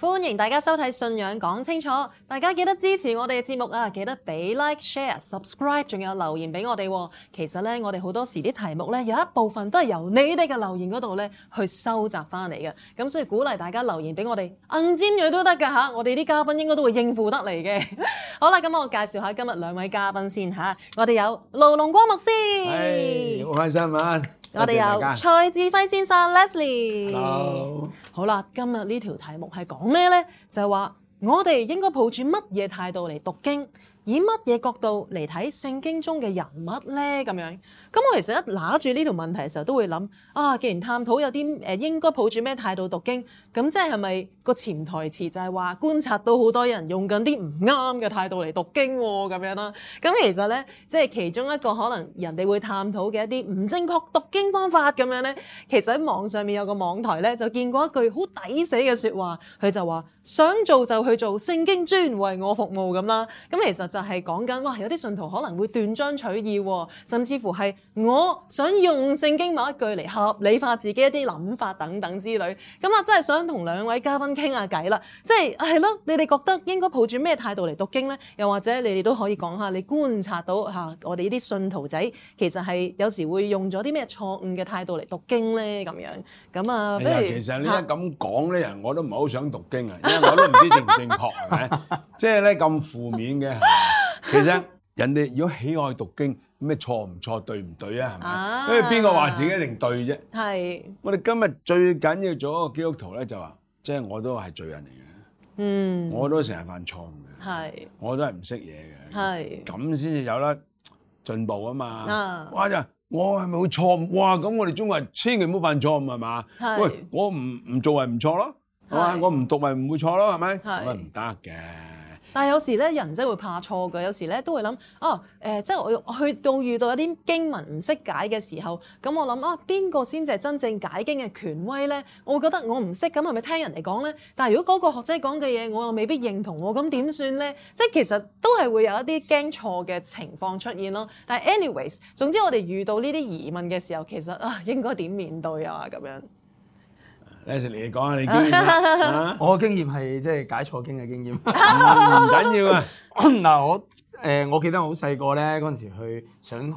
歡迎大家收睇《信仰講清楚》，大家記得支持我哋嘅節目啊！記得俾 like、share、subscribe，仲有留言俾我哋。其實咧，我哋好多時啲題目咧，有一部分都係由你哋嘅留言嗰度咧去收集翻嚟嘅。咁所以鼓勵大家留言俾我哋，硬、嗯、尖銳都得噶吓，我哋啲嘉賓應該都會應付得嚟嘅。好啦，咁我介紹下今日兩位嘉賓先吓，我哋有盧龍光牧師係好、哎、開心啊！我哋有蔡志輝先生，Leslie。好，好啦，今日呢條題目係講咩呢？就係話我哋應該抱住乜嘢態度嚟讀經。以乜嘢角度嚟睇聖經中嘅人物呢？咁樣，咁我其實一拿住呢條問題嘅時候，都會諗啊，既然探討有啲誒應該抱住咩態度讀經，咁即係係咪個潛台詞就係話觀察到好多人用緊啲唔啱嘅態度嚟讀經喎？咁樣啦，咁其實呢，即係其中一個可能人哋會探討嘅一啲唔正確讀經方法咁樣呢，其實喺網上面有個網台呢就見過一句好抵死嘅說話，佢就話。想做就去做，聖經專為我服務咁啦。咁其實就係講緊，哇，有啲信徒可能會斷章取義，甚至乎係我想用聖經某一句嚟合理化自己一啲諗法等等之類。咁啊，真係想同兩位嘉賓傾下偈啦。即係係咯，你哋覺得應該抱住咩態度嚟讀經呢？又或者你哋都可以講下，你觀察到吓我哋呢啲信徒仔其實係有時會用咗啲咩錯誤嘅態度嚟讀經呢？咁樣咁啊、哎，其實你一咁講呢，啊、我都唔係好想讀經啊。 我都唔知正唔正確，係咪？即係咧，咁負面嘅， 其實人哋如果喜愛讀經，咩錯唔錯、對唔對是不是啊？係咪？因為邊個話自己一定對啫？係的。我哋今日最緊要的做一個基督徒咧，就話即係我都係罪人嚟嘅。嗯，我都成日犯錯誤嘅。係的。我都係唔識嘢嘅。係的。咁先至有得進步啊嘛。哇！我係咪會錯誤？哇！咁我哋中國人千祈唔好犯錯誤係嘛？喂，的我唔唔做係唔錯咯。對我唔讀咪唔會錯咯，係咪？咁咪唔得嘅。的但係有時咧，人真係會怕錯嘅。有時咧都會諗，哦、啊、誒、呃，即係我去到遇到一啲經文唔識解嘅時候，咁我諗啊，邊個先至係真正解經嘅權威咧？我會覺得我唔識，咁係咪聽人嚟講咧？但係如果嗰個學者講嘅嘢，我又未必認同，咁點算咧？即係其實都係會有一啲驚錯嘅情況出現咯。但係 anyways，總之我哋遇到呢啲疑問嘅時候，其實啊，應該點面對啊？咁樣。你講下你經驗啊！ 我嘅經驗係即係解錯經嘅經驗，唔緊 要啊。嗱 我誒，我記得我好細個咧，嗰陣時去想學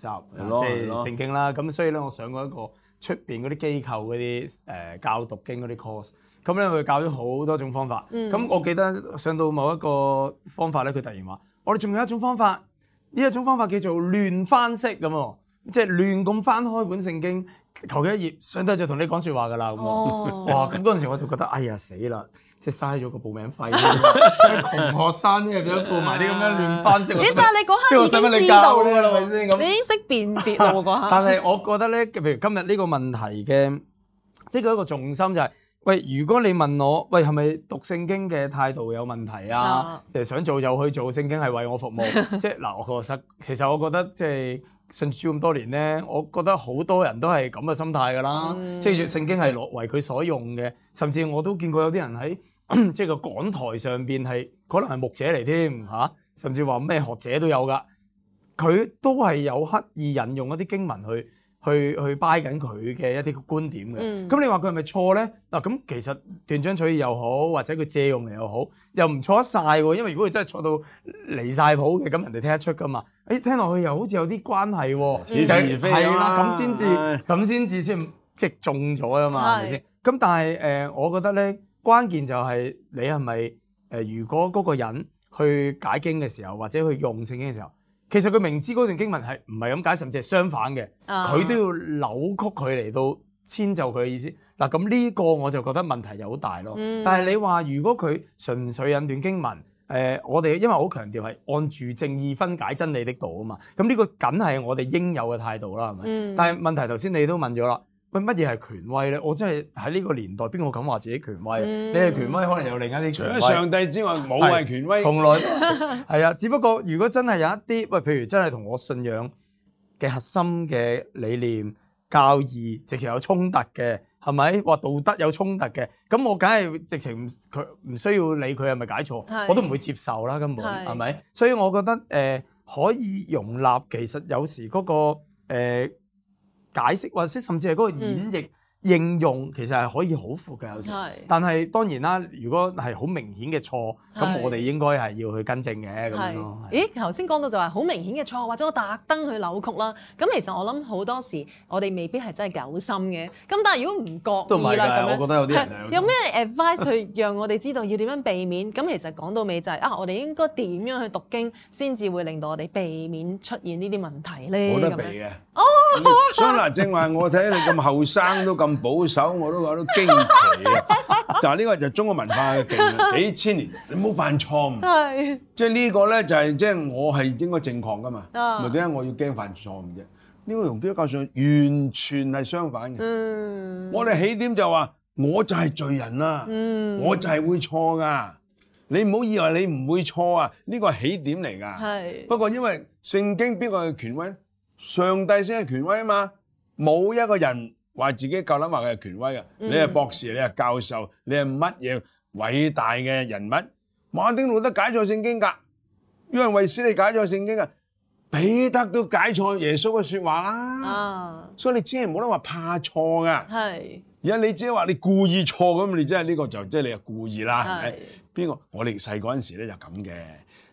習即係聖經啦。咁所以咧，我上過一個出邊嗰啲機構嗰啲誒教讀經嗰啲 course。咁咧佢教咗好多種方法。咁、嗯、我記得上到某一個方法咧，佢突然話：我哋仲有一種方法，呢一種方法叫做亂翻式咁，即係亂咁翻開本聖經。求其一頁上低就同你講說話噶啦，咁、oh. 哇！咁嗰陣時候我就覺得，哎呀死啦，即係嘥咗個報名費， 窮學生一日要顧埋啲咁樣亂翻、欸、我但係你嗰刻經我你,你已經知道嘅啦，係咪先咁？你識辨別我嗰下。 但係我覺得咧，譬如今日呢個問題嘅，即、就、係、是、一個重心就係、是，喂，如果你問我，喂，係咪讀聖經嘅態度有問題啊？啊想做又去做，聖經係為我服務。即係嗱，我個生，其實我覺得即、就、係、是。信主咁多年咧，我覺得好多人都係咁嘅心態㗎啦，嗯、即係聖經係攞為佢所用嘅，甚至我都見過有啲人喺即係個講台上邊係，可能係牧者嚟添、啊、甚至話咩學者都有㗎，佢都係有刻意引用一啲經文去。去去掰緊佢嘅一啲觀點嘅，咁、嗯、你話佢係咪錯咧？嗱、啊，咁其實斷章取義又好，或者佢借用嚟又好，又唔錯得晒喎。因為如果佢真係錯到離晒譜嘅，咁人哋聽得出㗎嘛。誒、欸，聽落去又好似有啲關係喎、啊，似是而非啦，咁先至，咁先至先即係中咗啊嘛，係咪先？咁的但係、呃、我覺得咧，關鍵就係你係咪、呃、如果嗰個人去解經嘅時候，或者去用聖經嘅時候。其實佢明知嗰段經文係唔係咁解，甚至係相反嘅，佢都要扭曲佢嚟到遷就佢嘅意思。嗱，咁呢個我就覺得問題就好大咯。嗯、但係你話如果佢純粹引段經文，誒、呃，我哋因為好強調係按住正義分解真理的道啊嘛，咁呢個梗係我哋應有嘅態度啦，係咪？嗯、但係問題頭先你都問咗啦。喂，乜嘢係權威咧？我真係喺呢個年代，邊個敢話自己權威？嗯、你係權威，可能有另一啲權威。除上帝之外，冇係權威，從來係 啊。只不過如果真係有一啲喂，譬如真係同我信仰嘅核心嘅理念、教義，直情有衝突嘅，係咪話道德有衝突嘅？咁我梗係直情唔佢唔需要理佢係咪解錯，是我都唔會接受啦。根本係咪是？所以我覺得誒、呃、可以容納，其實有時嗰、那個、呃解釋或者甚至係嗰個演繹、嗯、應用，其實係可以好闊嘅有時。是但係當然啦，如果係好明顯嘅錯，咁是我哋應該係要去更正嘅咁咯。是樣咦，頭先講到就係好明顯嘅錯，或者我特登去扭曲啦。咁其實我諗好多時，我哋未必係真係有心嘅。咁但係如果唔樣覺意啦，咁我覺得有咩 advice 去讓我哋知道 要點樣避免？咁其實講到尾就係、是、啊，我哋應該點樣去讀經，先至會令到我哋避免出現呢啲問題咧？冇得避嘅。哦所、所以嗱，正話我睇你咁後生都咁保守，我都覺得驚奇啊！ 就係呢個就係中國文化嘅勁，幾千年，你唔好犯錯誤，即係呢個咧就係即係我係應該正確噶嘛，咪點解我要驚犯錯誤啫？呢、這個同基督教上完全係相反嘅。嗯，我哋起點就話我就係罪人啦，我就係、嗯、會錯噶，你唔好以為你唔會錯啊！呢個係起點嚟噶，係是不過因為聖經邊個係權威呢？上帝先係權威啊嘛，冇一個人話自己夠諗話佢係權威嘅，嗯、你係博士，你係教授，你係乜嘢偉大嘅人物？馬丁路德解錯聖經㗎，因為為斯利解錯聖經啊，彼得都解錯耶穌嘅說話啦。啊，所以你只係冇得話怕錯㗎。是而家你只係話你故意錯咁，你真係呢個就即係你係故意啦，係咪是？邊個？我哋細個嗰陣時咧就咁嘅。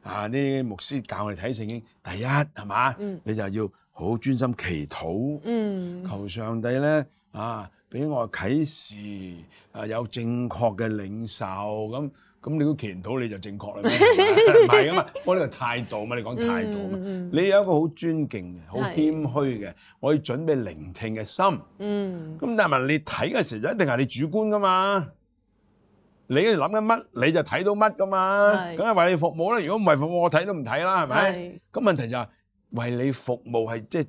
啊，啲牧師教我哋睇聖經，第一係嘛？你就要。好專心祈禱，求上帝咧啊，俾我啟示啊，有正確嘅領受咁咁，你都祈禱你就正確啦，唔係吖嘛？我呢個態度嘛，你講態度嘛，你有一個好尊敬嘅、好謙虛嘅，我要的準備聆聽嘅心。嗯的，咁但係你睇嘅時候就一定係你主觀噶嘛？你諗緊乜，你就睇到乜噶嘛？梗係的為你服務啦。如果唔係服務，我睇都唔睇啦，係咪？咁的問題就是。為你服務係即係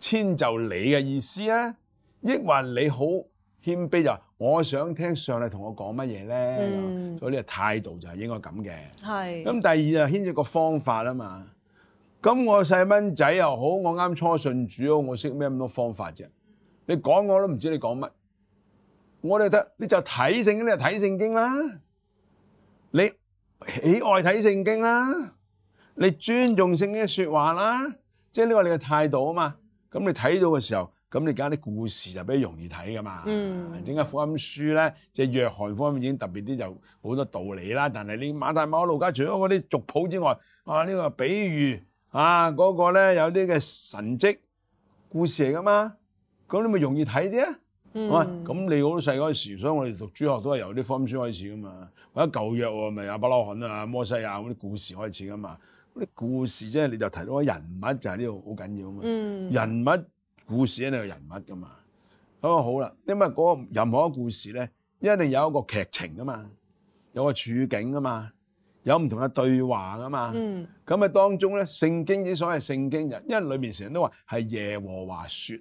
遷就你嘅意思啊，抑或你好謙卑就我想聽上帝同我講乜嘢咧，嗯、所以呢個態度就係應該咁嘅。係是。咁第二就係牽涉個方法啊嘛，咁我細蚊仔又好，我啱初信主啊，我識咩咁多方法啫？你講我都唔知你講乜，我哋得你就睇聖經，你就睇聖經啦，你喜愛睇聖經啦，你尊重聖經嘅說話啦。即係呢個是你嘅態度啊嘛，咁你睇到嘅時候，咁你搞啲故事就比較容易睇噶嘛。整、嗯、下福音書咧，即係約翰方面已經特別啲就好多道理啦。但係你馬太、馬可、路加除咗嗰啲族譜之外，啊呢、這個比喻啊嗰、那個咧有啲嘅神蹟故事嚟噶嘛，咁你咪容易睇啲、嗯、啊。咁你好細嗰時候，所以我哋讀主學都係由啲福音書開始噶嘛，或者舊約咪、啊就是、亞伯拉罕啊、摩西啊嗰啲故事開始噶嘛。啲故事啫，係，你就提到人物就係呢度好緊要啊嘛，嗯、人物故事一定係人物噶嘛。咁啊好啦，因為嗰個任何一個故事咧，一定有一個劇情噶嘛，有個處境噶嘛，有唔同嘅對話噶嘛。咁啊、嗯、當中咧，聖經之所以係聖經、就是，因為裏面成日都話係耶和華說，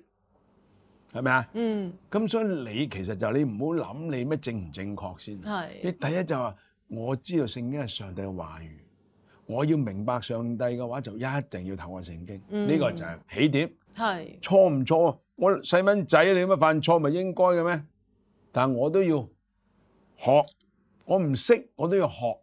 係咪啊？咁、嗯、所以你其實就你唔好諗你咩正唔正確先。是你第一就話我知道聖經係上帝嘅話語。我要明白上帝嘅話就一定要透過聖經，呢、嗯、個就係起點。係是錯唔錯啊？我細蚊仔你乜犯錯咪應該嘅咩？但係我都要學，我唔識我都要學，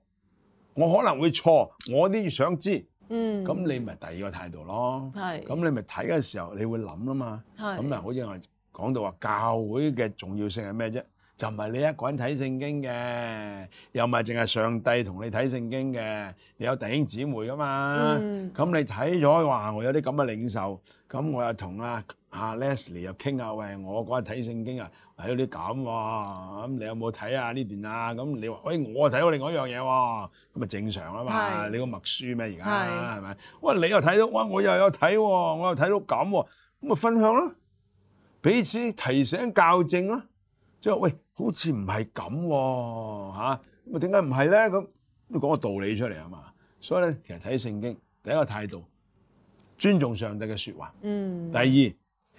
我可能會錯，我都要想知。嗯，咁你咪第二個態度咯。係是，咁你咪睇嘅時候你會諗啊嘛。係是，咁啊好似我講到話教會嘅重要性係咩啫？就唔係你一個人睇聖經嘅，又唔係淨係上帝同你睇聖經嘅，你有弟兄姊妹噶嘛？咁、嗯、你睇咗話，我有啲咁嘅領受，咁我又同阿啊 Leslie 又傾下。喂，我嗰日睇聖經啊睇到啲咁喎，咁你有冇睇啊呢段啊？咁、啊、你話，喂，我睇到另外一、啊、樣嘢喎，咁咪正常啊嘛？是你講默書咩而家？係咪是？喂，你又睇到哇！我又有睇、啊，我又睇到咁、啊，咁咪分享咯、啊，彼此提醒校正咯，即係喂。好似唔係咁喎，咁點解唔係咧？咁都講個道理出嚟啊嘛。所以咧，其實睇聖經第一個態度，尊重上帝嘅說話；嗯、第二，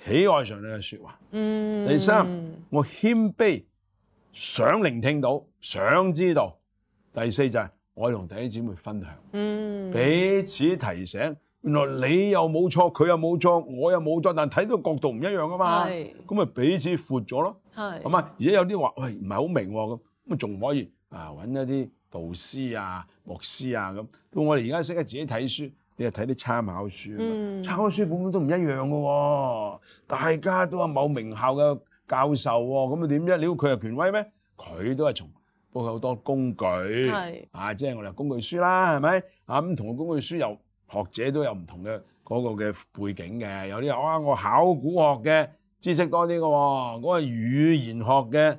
喜愛上帝嘅說話；嗯、第三，我謙卑想聆聽到，想知道；第四就係、是、我同弟兄姊妹分享，彼、嗯、此提醒。原來你又冇錯，佢又冇錯，我又冇錯，但睇到角度唔一樣啊嘛。咁咪是彼此闊咗咯。係是。咁啊，而家有啲話，喂，唔係好明咁、哦，咁啊，仲可以啊，揾一啲導師啊、牧師啊咁。那麼我哋而家識得自己睇書，你又睇啲參考書。嗯。參考書本本都唔一樣嘅喎、哦，大家都係某名校嘅教授喎、哦，咁啊點啫？你估佢係權威咩？佢都係從 b o 好多工具。係是。啊，即係我哋工具書啦，係咪？啊咁，同個工具書又。學者都有唔同嘅嗰個嘅背景嘅，有啲話，啊，我考古學嘅知識多啲嘅，嗰個語言學嘅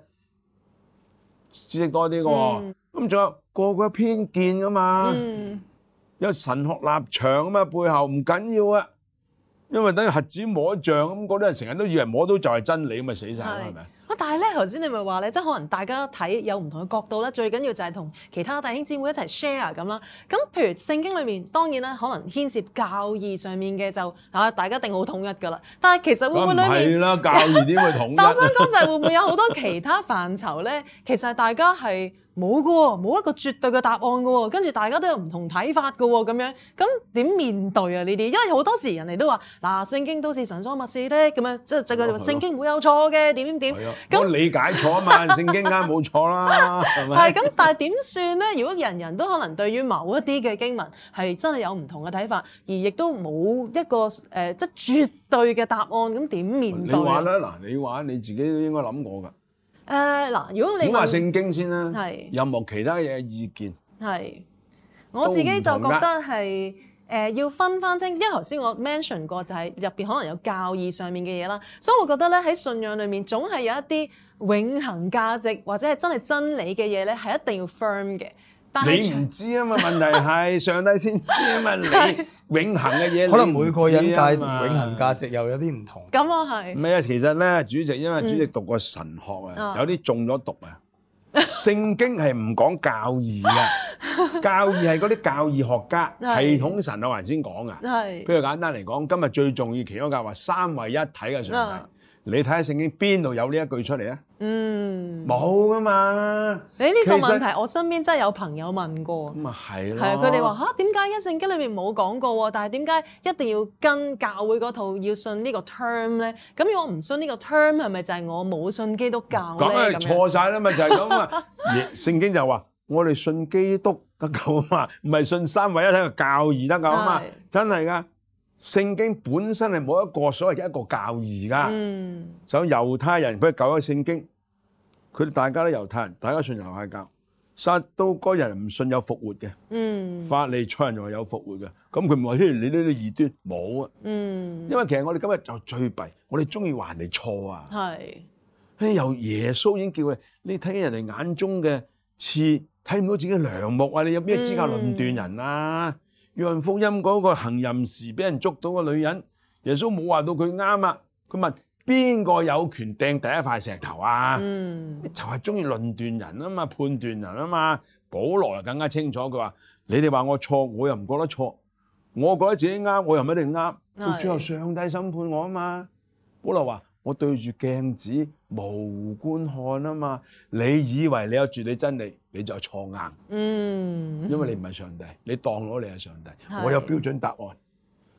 知識多啲嘅，咁仲，嗯，有個個偏見嘅嘛，嗯，有神學立場啊嘛，背後唔緊要啊，因為等於核子摸象咁，嗰啲人成日都以為摸到就係真理咁咪死晒咯是，係咪？但係咧，頭先你咪話咧，即係可能大家睇有唔同嘅角度咧，最緊要就係同其他弟兄姊妹一齊 share 咁啦。咁譬如聖經裏面，當然啦，可能牽涉教義上面嘅就大家一定好統一噶啦。但係其實會唔會裡面？唔係啦，教義點會統一？ 但係想講就係會唔會有好多其他範疇咧？ 其實大家係。冇噶，冇一個絕對嘅答案噶，跟住大家都有唔同睇法噶，咁樣咁點面對啊呢啲？因為好多時人哋都話嗱、啊，聖經都是神所默示的，咁樣即係就佢聖經冇有錯嘅，點點點。咁理解錯啊嘛，聖經梗係冇錯,錯, 錯啦，係咪 吧？咁，但係點算咧？如果人人都可能對於某一啲嘅經文係真係有唔同嘅睇法，而亦都冇一個、呃、即係絕對嘅答案，咁點面對啊？你話呢，嗱，你話你自己都應該諗過㗎。誒嗱、呃，如果你講埋聖經先啦，有冇係其他嘅意見？我自己就覺得係、呃、要分翻清，因為頭先我 mention 過就係入邊可能有教義上面嘅嘢啦，所以我覺得咧喺信仰裏面總係有一啲永恆價值或者係真係真理嘅嘢咧，係一定要 firm 嘅。你唔知啊嘛？問題係上帝先知啊嘛。你永恆嘅嘢，可能每個人界定永恆價值又有啲唔同。咁我係。唔係啊，其實咧，主席因為主席讀過神學啊，有啲中咗毒啊。聖經係唔講教義啊，教義係嗰啲教義學家系統神學人先講啊。係。譬如簡單嚟講，今日最重要其中教話三位一體嘅上帝，你睇下聖經邊度有呢一句出嚟啊？嗯，冇噶嘛？你呢個問題，我身邊真係有朋友問過。咁啊係，係啊！佢哋話點解《一聖經》裏面冇講過？但係點解一定要跟教會嗰套要信個呢個 term 咧？咁如果唔信呢個 term，係咪就係我冇信基督教咧？咁、就是、樣錯曬啦咪就係咁啊！ 聖經就話我哋信基督得夠啊嘛，唔係信三位一體個教義得夠啊嘛！的真係噶，聖經本身係冇一個所謂嘅一個教義噶。嗯，就猶太人佢教一聖佢哋大家都猶太人，大家信猶太教，撒都該人唔信有復活嘅。嗯，法利賽人仲話有復活嘅，咁佢唔話，你呢啲異端冇啊。嗯，因為其實我哋今日就最弊，我哋中意話人哋錯啊。係是，唉，由耶穌已經叫嘅，你睇人哋眼中嘅刺，睇唔到自己梁木啊！你有咩資格論斷人啊？約翰福音嗰個行淫時俾人捉到個女人，耶穌冇話到佢啱啊，佢問邊個有權掟第一塊石頭啊？嗯、就係中意論斷人啊嘛，判斷人啊嘛。保羅又更加清楚，佢話：你哋話我錯，我又唔覺得錯。我覺得自己啱，我又唔一定啱。到是最後上帝審判我啊嘛。保羅話：我對住鏡子無觀看啊嘛。你以為你有絕對真理，你就錯硬。嗯，因為你唔係上帝，你當我你係上帝，是我有標準答案。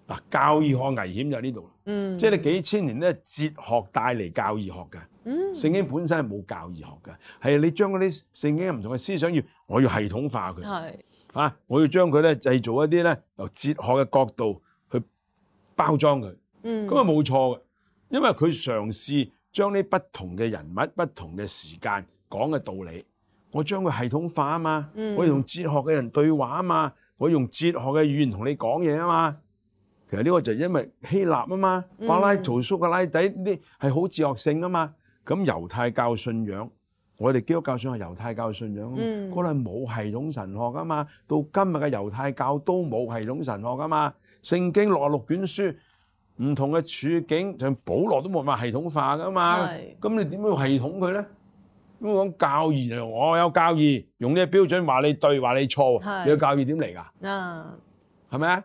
嗱，教義學危險就喺呢度，嗯、即係你幾千年咧哲學帶嚟教義學嘅，嗯、聖經本身係冇教義學嘅，係你將嗰啲聖經唔同嘅思想要，我要系統化佢，是啊，我要將佢咧製造一啲咧由哲學嘅角度去包裝佢，咁啊冇錯嘅，因為佢嘗試將啲不同嘅人物、不同嘅時間講嘅道理，我將佢系統化啊嘛，嗯、嘛，我要同哲學嘅人對話啊嘛，我用哲學嘅語言同你講嘢啊嘛。其實呢個就因為希臘啊嘛，柏拉圖、蘇格拉底呢係好哲學性啊嘛。咁猶太教信仰，我哋基督教想係猶太教信仰，嗰度冇系統神學噶嘛。到今日嘅猶太教都冇系統神學噶嘛。聖經六啊六卷書，唔同嘅處境，就保羅都冇辦法系統化噶嘛。咁是你點樣系統佢咧？咁講教義，我有教義，用呢個標準話你對，話你錯。是你個教義點嚟噶？啊、嗯，係咪啊？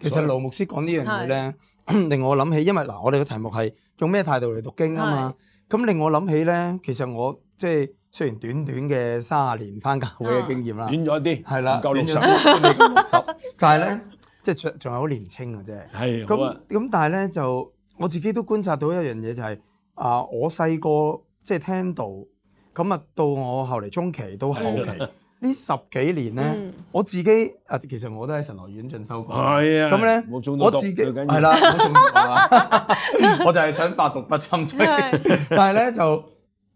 其實盧牧師講呢樣嘢咧，令我諗起，因為嗱，我哋嘅題目係用咩態度嚟讀經啊嘛，咁是令我諗起咧，其實我即係雖然短短嘅三十年翻教會嘅經驗、嗯、啦，短咗一啲，係、就、啦、是，唔夠六十，但係咧，即係仲係好年輕嘅啫。係，咁咁但係咧就，我自己都觀察到一樣嘢就係、是，啊，我細個即係聽到，咁啊到我後嚟中期都後期。呢十幾年咧，嗯、我自己啊，其實我都喺神學院進修過。係啊、哎呀，咁咧，我自己係啦，我就係想百毒不侵。的但係咧，就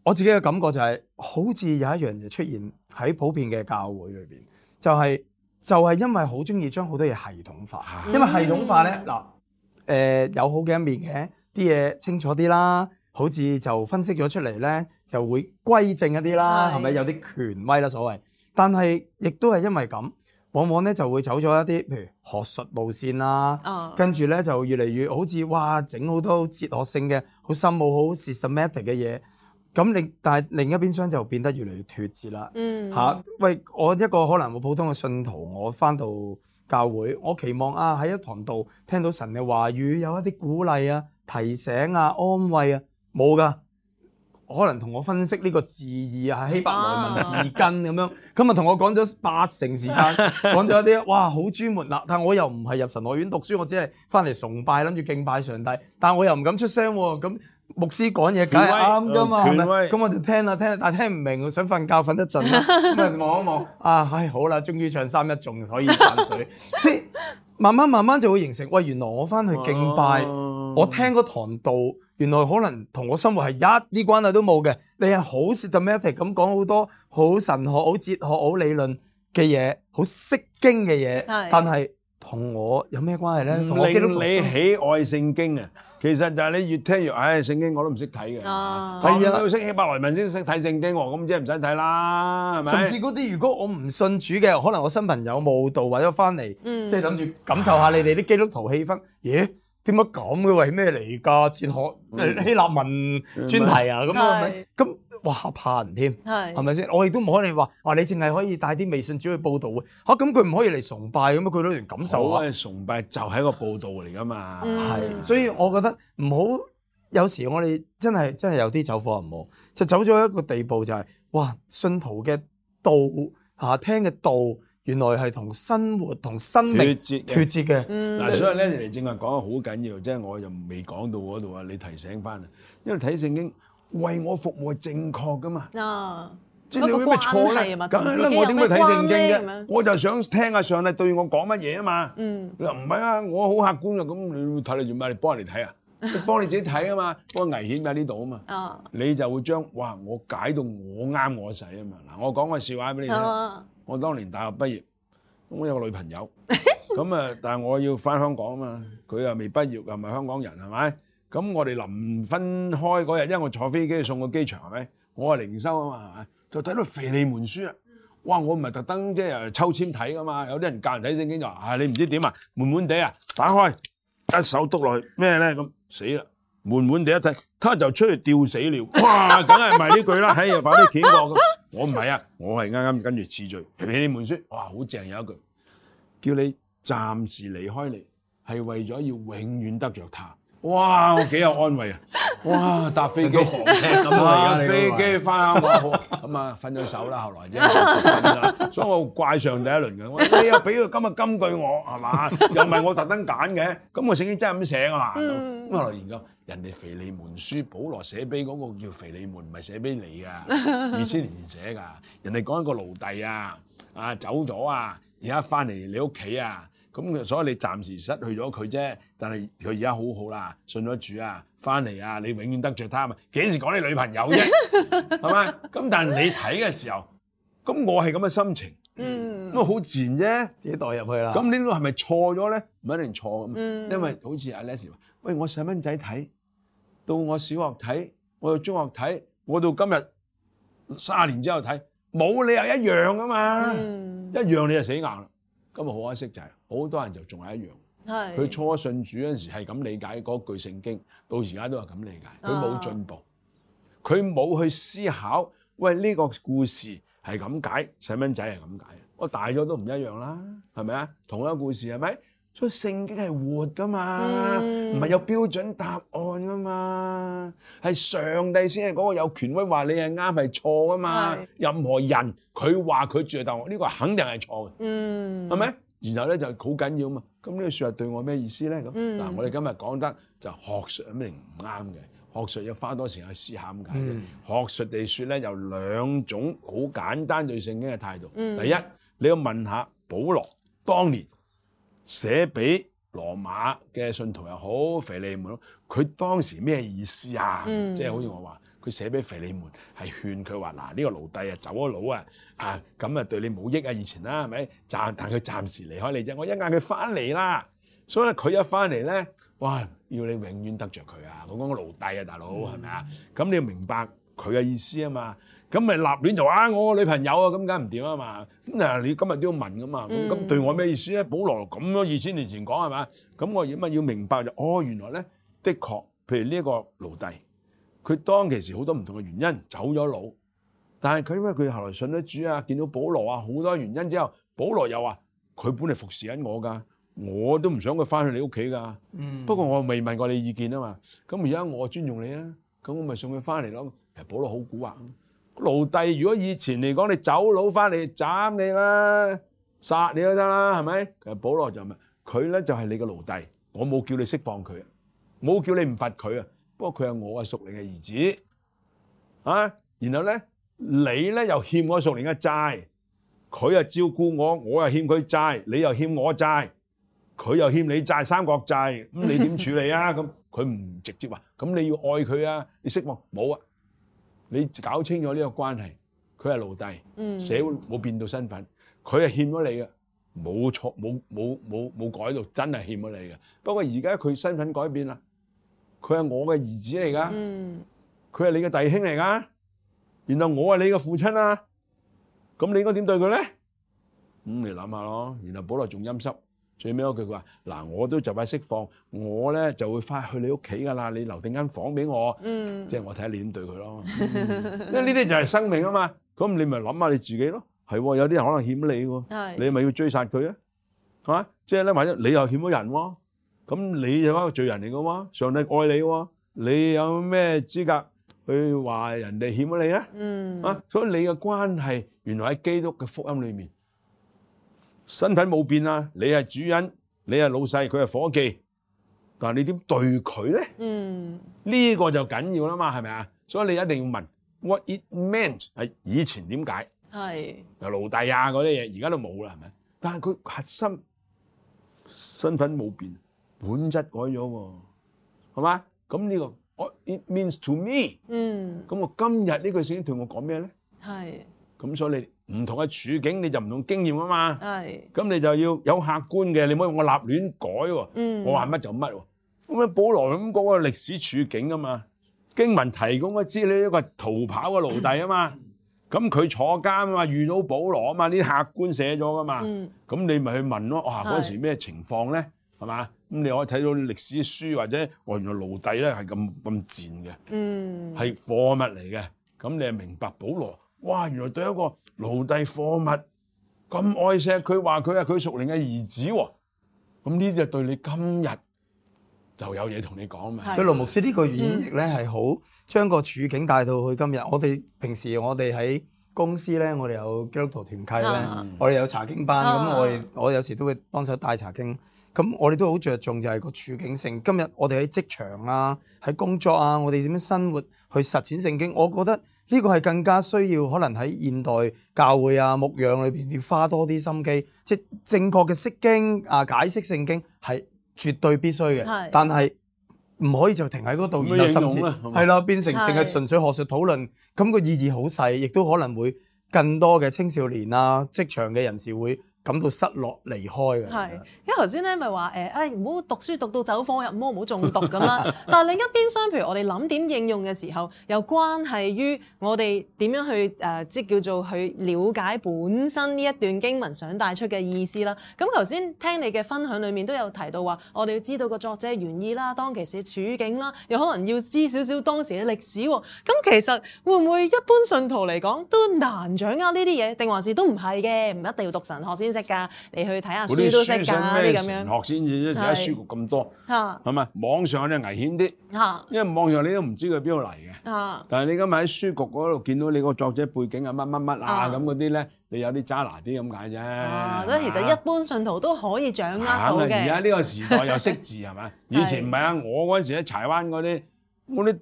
我自己嘅感覺就係、是，好似有一樣嘢出現喺普遍嘅教會裏邊，就係、是、就係、是、因為好中意將好多嘢系統化。啊、因為系統化咧，嗱、嗯，誒、呃、有好嘅一面嘅，啲嘢清楚啲啦，好似就分析咗出嚟咧，就會歸正一啲啦，係咪的有啲權威啦？所謂。但係，亦都係因為咁，往往呢就會走咗一啲，譬如學術路線啦、啊，oh. 跟住呢就越嚟越好似哇，整好多哲學性嘅，好深奧、好 systematic 嘅嘢。咁另，但係另一邊廂就變得越嚟越脫節啦。嗯，吓，喂，我一個可能好普通嘅信徒，我翻到教會，我期望啊喺一堂度聽到神嘅話語，有一啲鼓勵啊、提醒啊、安慰啊，冇㗎。可能同我分析呢個字義，啊，希伯來文字根咁、啊、樣，咁日同我講咗八成時間，講咗、啊、一啲哇好專門啦，但我又唔係入神學院讀書，我只係翻嚟崇拜，諗住敬拜上帝，但我又唔敢出聲，咁牧師講嘢梗係啱㗎嘛，係咪？咁我就聽下聽下，但係聽唔明，想瞓覺瞓一陣啦，望 一望啊，唉、哎、好啦，終於唱三一，仲可以散水， 即慢慢慢慢就會形成，喂，原來我翻去敬拜，啊、我聽個堂道。原來可能同我生活係一啲關係都冇嘅。你係好 scientific 咁講好多好神學、好哲學、好理論嘅嘢，好釋經嘅嘢，但係同我有咩關係咧？令你喜愛聖經啊，其實就係你越聽越，唉，聖經我都唔識睇嘅。係啊，要識希伯來文先識睇聖經，我咁即係唔使睇啦，係咪？甚至嗰啲如果我唔信主嘅，可能我新朋友慕道或者翻嚟，即係諗住感受下你哋啲基督徒氣氛，咦？點解咁嘅？為咩嚟噶？哲學希臘文專題啊，咁啊咪咁哇吓怕人添，係咪先？我亦都唔可以話話你淨係可以帶啲微信主去報道吓，咁佢唔可以嚟崇拜咁啊？佢攞嚟感受啊？冇崇拜，啊、佢能感受崇拜就係一個報道嚟噶嘛。係，所以我覺得唔好有時我哋真係真係有啲走火入魔，就走咗一個地步，就是，就係哇信徒嘅道吓聽嘅道。啊聽嘅道原來係同生活同生命脱脱節嘅，嗱、嗯啊，所以咧，你正話講得好緊要，即係我又未講到嗰度啊，你提醒翻啊，因為睇聖經為我服務係正確噶嘛，嗰關係嘛，咁樣咧，我點解睇聖經嘅？啊、我就想聽下上帝對我講乜嘢啊嘛，嗯、你話唔係啊？我好客觀啊，咁你睇你做咩？你幫人哋睇啊？你幫 你自己睇啊嘛，不過危險喺呢度啊嘛，啊你就會將哇，我解到我啱，我使啊嘛，嗱、啊，我講個笑話俾你聽。我當年大學畢業，咁我有個女朋友，咁啊，但係我要返香港啊嘛，佢又未畢業，又唔係香港人，係咪？咁我哋臨分開嗰日，因為我坐飛機送佢機場，係咪？我係靈修啊嘛，係咪？就睇到腓利門書啊！哇！我唔係特登即係抽簽睇噶嘛，有啲人教人睇聖經就話，唉，你唔知點啊？悶悶地啊，打開一手篤落去咩咧？咁死啦！悶悶地一睇，佢就出去吊死了！哇！梗係唔係呢句啦？唉，反正企過。.我唔係啊，我係啱啱跟住次序睇腓利門書。哇！好正，有一句，叫你暫時離開你，係為咗要永遠得着他。哇！我幾有安慰啊！哇！搭飛機航車咁啊，飛機翻啊咁啊，分咗手啦，後來啫，所以我怪上第一輪嘅。你又俾佢今日金句我，係嘛？又唔係我特登揀嘅，咁我醒起真係咁寫㗎嘛。咁後來研究，人哋腓利門書，保羅寫俾嗰個叫腓利門，唔係寫俾你啊，二千年前寫噶。人哋講一個奴隸啊，啊走咗啊，而家翻嚟你屋企啊。咁所以你暫時失去咗佢啫，但係佢而家好好啦，信咗主啊，翻嚟啊，你永遠得著他啊嘛，幾時講你女朋友啫，係咪？咁但係你睇嘅時候，咁我係咁嘅心情，咁啊好自然啫，自己代入去啦。咁呢個係咪錯咗咧？唔一定錯咁，因為好似 Alex 話：，喂，我細蚊仔睇，到我小學睇，我到中學睇，我到今日三廿年之後睇，冇理由一樣噶嘛，一樣你就死硬啦。今日好可惜就係，好多人就仲係一樣。係，佢初信主嗰陣時係咁理解嗰句聖經，到而家都係咁理解。佢冇進步，佢冇、啊、去思考。喂，呢個故事係咁解，細蚊仔係咁解。我大咗都唔一樣啦，係咪啊？同一個故事，係咪？所以聖經係活噶嘛，唔係、嗯、有標準答案噶嘛，係上帝先係嗰個有權威話你係啱係錯噶嘛。是任何人佢話佢絕對嘅答案，但係呢個肯定係錯嘅，係咪、嗯？然後咧就好緊要啊嘛。咁呢句説話對我咩意思咧？咁嗱、嗯，我哋今日講得就係學術有咩唔啱嘅？學術要花多時間去思考咁解嘅。嗯、學術地説咧有兩種好簡單對聖經嘅態度。嗯、第一，你要問下保羅當年。寫俾羅馬嘅信徒又好，腓利門，佢當時咩意思、嗯這個、啊？即係好似我話，佢寫俾腓利門係勸佢話：嗱，呢個奴隸啊，走咗佬啊，啊咁啊對你冇益啊，以前啦、啊，係咪暫？但佢暫時離開你啫，我一嗌佢翻嚟啦，所以佢一翻嚟咧，哇！要你永遠得着佢啊！我講個奴隸啊，大佬係咪啊？咁、嗯、你要明白。佢嘅意思啊嘛，咁咪立亂就啊我個女朋友啊，咁梗唔掂啊嘛。嗱，你今日都要問噶嘛，咁對我咩意思咧？保羅咁樣二千年前講係嘛，咁我要乜要明白就哦，原來咧，的確，譬如呢一個奴隸，佢當其時好多唔同嘅原因走咗佬，但係佢因為佢後來信咗主啊，見到保羅啊，好多原因之後，保羅又話：佢本嚟服侍緊我㗎，我都唔想佢翻去你屋企㗎。嗯、不過我未問過你意見啊嘛，咁而家我尊重你啦。咁我咪送佢翻嚟咯。其實保羅好古惑，奴隸如果以前嚟講，你走佬翻嚟斬你啦，殺你都得啦，係咪？其實保羅就唔係，佢咧就係你個奴隸，我冇叫你釋放佢，冇叫你唔罰佢啊。不過佢係我係屬靈嘅兒子啊。然後咧，你咧又欠我屬靈嘅債，佢又照顧我，我又欠佢債，你又欠我債，佢又欠你債，三角債咁，你點處理啊？咁？ 佢唔直接話，咁你要愛佢啊？你識冇？冇啊！你搞清楚呢個關係，佢係奴隸，嗯、社會冇變到身份，佢係欠咗你嘅，冇錯，冇冇冇冇改到，真係欠咗你嘅。不過而家佢身份改變啦，佢係我嘅兒子嚟噶，佢係、嗯、你嘅弟兄嚟噶，然後我係你嘅父親啊，咁你應該點對佢咧？咁、嗯、你諗下咯。原來保羅仲陰濕。最尾嗰句，佢話：嗱，我都就快釋放，我咧就會快去你屋企㗎啦。你留定間房俾我，即係我睇下你點對佢咯。因為呢啲就係生命啊嘛。咁你咪諗下你自己咯。係喎，有啲人可能欠你喎，你咪要追殺佢啊。嚇，即係咧，或者你又欠咗人喎，咁你又一個罪人嚟㗎嘛。上帝愛你喎，你有咩資格去話人哋欠咗你咧？啊，所以你嘅關係原來喺基督嘅福音裏面。身份冇變啦，你係主人，你係老細，佢係夥計，但係你點對佢咧？嗯，呢個就緊要啦嘛，係咪啊？所以你一定要問 What it meant 係以前點解？係奴隸啊嗰啲嘢，而家都冇啦，係咪？但係佢核心身份冇變，本質改咗喎，係嘛？咁呢個 What it means to me？嗯，咁我今日呢句聖經同我講咩咧？係，咁所以你。唔同嘅處境你就唔同嘅經驗啊嘛，咁是你就要有客觀嘅，你唔可以我立亂改喎、啊，嗯、我話乜就乜喎。咁樣保羅咁嗰個歷史處境啊嘛，經文提供嘅資料一、呢個逃跑嘅奴隸啊嘛，咁佢、嗯、坐監啊嘛，遇到保羅啊嘛，呢啲客觀寫咗噶嘛，咁、嗯、你咪去問咯、啊。哇，嗰時咩情況咧？係嘛是？咁你可以睇到歷史書或者我原來奴隸咧係咁咁賤嘅，係貨、嗯、物嚟嘅。咁你係明白保羅。哇！原來對一個奴隸貨物咁愛錫，佢話佢係佢屬靈嘅兒子喎。咁呢啲就對你今日就有嘢同你講啊嘛。佢羅牧師呢個演繹咧係好將個處境帶到去今日。我哋平時我哋喺公司咧，我哋有基督徒團契咧，嗯、我哋有查經班咁，嗯、我我有時都會幫手帶查經。咁我哋都好着重就係個處境性。今日我哋喺職場啊，喺工作啊，我哋點樣生活去實踐聖經？我覺得。呢個係更加需要，可能喺現代教會啊牧養裏面要花多啲心機，即正確嘅釋經啊，解釋聖經係絕對必須嘅，是但係唔可以就停喺嗰度，唔有深思係啊，變成淨係純粹學術討論，咁個是意義好細，亦都可能會更多嘅青少年啊，職場嘅人士會。感到失落離開嘅。係。因為咁頭先咧咪話誒，誒唔好讀書讀到走火入魔，唔好中毒咁啦。 但係另一邊相，譬如我哋諗點應用嘅時候，又關係於我哋點樣去即、呃、叫做去了解本身呢一段經文想帶出嘅意思啦。咁頭先聽你嘅分享裏面都有提到話，我哋要知道個作者原意啦，當其時嘅處境啦，又可能要知少少當時嘅歷史喎。咁其實會唔會一般信徒嚟講都難掌握呢啲嘢，定還是都唔係嘅？唔一定要讀神學先。識噶，你去睇下書都識噶，咩咁樣學先至啫？而家書局咁多，係咪網上有啲危險啲？因為網上你都唔知佢邊度嚟嘅。但係你今日喺書局嗰度見到你個作者背景係乜乜乜啊，咁嗰啲咧，你有啲渣拿啲咁解啫。咁其實一般信徒都可以掌握到嘅。而家呢個時代又識字係咪？以前唔係啊，我嗰陣時喺柴灣嗰啲嗰啲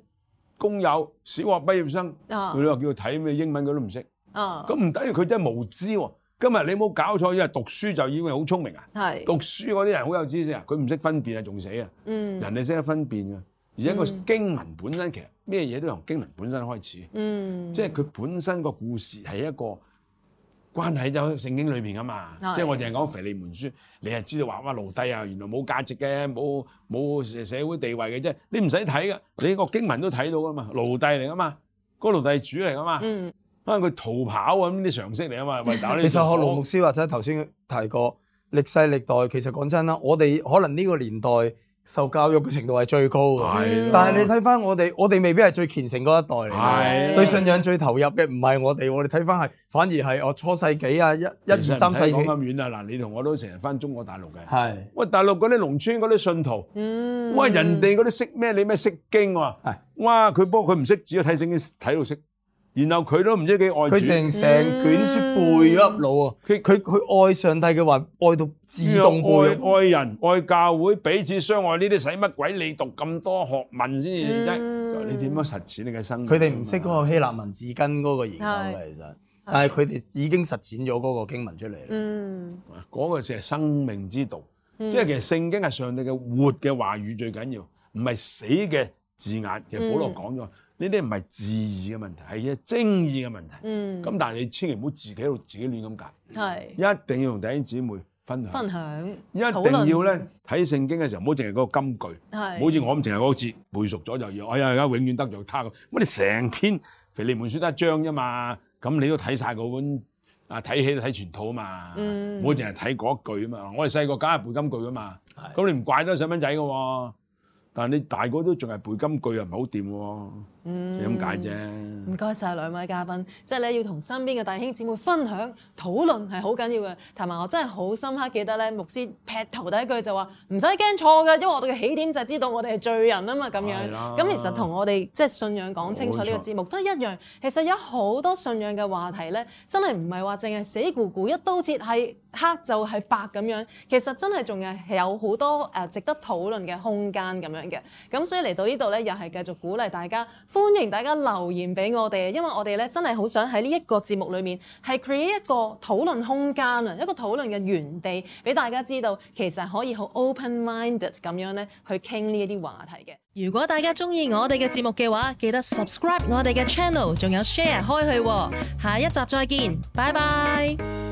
工友小學畢業生，佢都話叫佢睇咩英文，佢都唔識。咁唔等於佢真係無知喎？今日你冇搞錯，以為讀書就已經好聰明啊？係是讀書嗰啲人好有知識啊，佢唔識分辨啊，仲死啊！嗯，人哋識得分辨㗎。而且一個經文本身、嗯、其實咩嘢都從經文本身開始，嗯，即係佢本身個故事係一個關係，就聖經裏面㗎嘛。嗯、即係我淨係講《腓利門書》，你係知道話哇奴隸啊，原來冇價值嘅，冇冇社會地位嘅啫。你唔使睇㗎，你個經文都睇到㗎嘛，奴隸嚟㗎嘛，嗰奴隸，嚟㗎嘛、嗰、奴隸主嚟㗎嘛。嗯。可能佢逃跑啊咁啲常識嚟啊嘛，喂打呢啲。其實學羅牧師或者頭先提過，歷世歷代其實講真啦，我哋可能呢個年代受教育嘅程度係最高嘅，是的但係你睇翻我哋，我哋未必係最虔誠嗰一代嚟嘅，的對信仰最投入嘅唔係我哋，我哋睇翻係反而係我初世紀啊一其實 一二三世紀講咁遠啊嗱，你同我都成日翻中國大陸嘅，係的喂大陸嗰啲農村嗰啲信徒，嗯，哇人哋嗰啲識咩？你咩識經喎？哇佢不過佢唔識，只要睇聖經睇到識。然後佢都唔知幾愛主，佢成成卷書背咗入腦啊！佢佢佢愛上帝嘅話，愛到自動背。愛，愛人、愛教會、彼此相愛呢啲，使乜鬼？你讀咁多學問先至啫？嗯、你點樣實踐你嘅生命？佢哋唔識嗰個希臘文字根嗰個研究嘅，是其實，是但係佢哋已經實踐咗嗰個經文出嚟。嗯，嗰個就係生命之道，嗯、即係其實聖經係上帝嘅活嘅話語最緊要，唔係死嘅字眼。其實保羅講咗。嗯呢啲唔係字義嘅問題，係嘅精義嘅問題。嗯，咁但係你千祈唔好自己喺度自己亂咁解，係是一定要同弟兄姊妹分享，分享一定要咧，睇聖經嘅時候唔好淨係嗰個金句，係好似我咁淨係嗰個字是背熟咗就，要。哎呀而家永遠得咗他咁。咁你成篇腓利門書得一章啫嘛，咁你都睇晒嗰本啊，睇戲睇全套啊嘛，唔好淨係睇嗰句啊嘛。我哋細個梗係背金句啊嘛，咁是你唔怪得細蚊仔嘅喎，但係你大個都仲係背金句又唔係好掂喎。不嗯，咁解啫。唔該晒兩位嘉賓，即係你要同身邊嘅弟兄姊妹分享討論係好緊要嘅。同埋我真係好深刻記得咧，牧師劈頭第一句就話唔使驚錯嘅，因為我哋嘅起點就係知道我哋係罪人啊嘛咁樣。咁的其實同我哋即係信仰講清楚呢個節目都一樣。其實有好多信仰嘅話題咧，真係唔係話淨係死咕咕一刀切係黑就係白咁樣。其實真係仲係有好多誒值得討論嘅空間咁樣嘅。咁所以嚟到呢度咧，又係繼續鼓勵大家。歡迎大家留言俾我哋，因為我哋咧真係好想喺呢一個節目裏面係 create 一個討論空間啊，一個討論嘅園地，俾大家知道其實可以好 open minded 咁樣咧去傾呢一啲話題嘅。如果大家中意我哋嘅節目嘅話，記得 subscribe 我哋嘅 channel，仲有 share 開去。下一集再見，拜拜。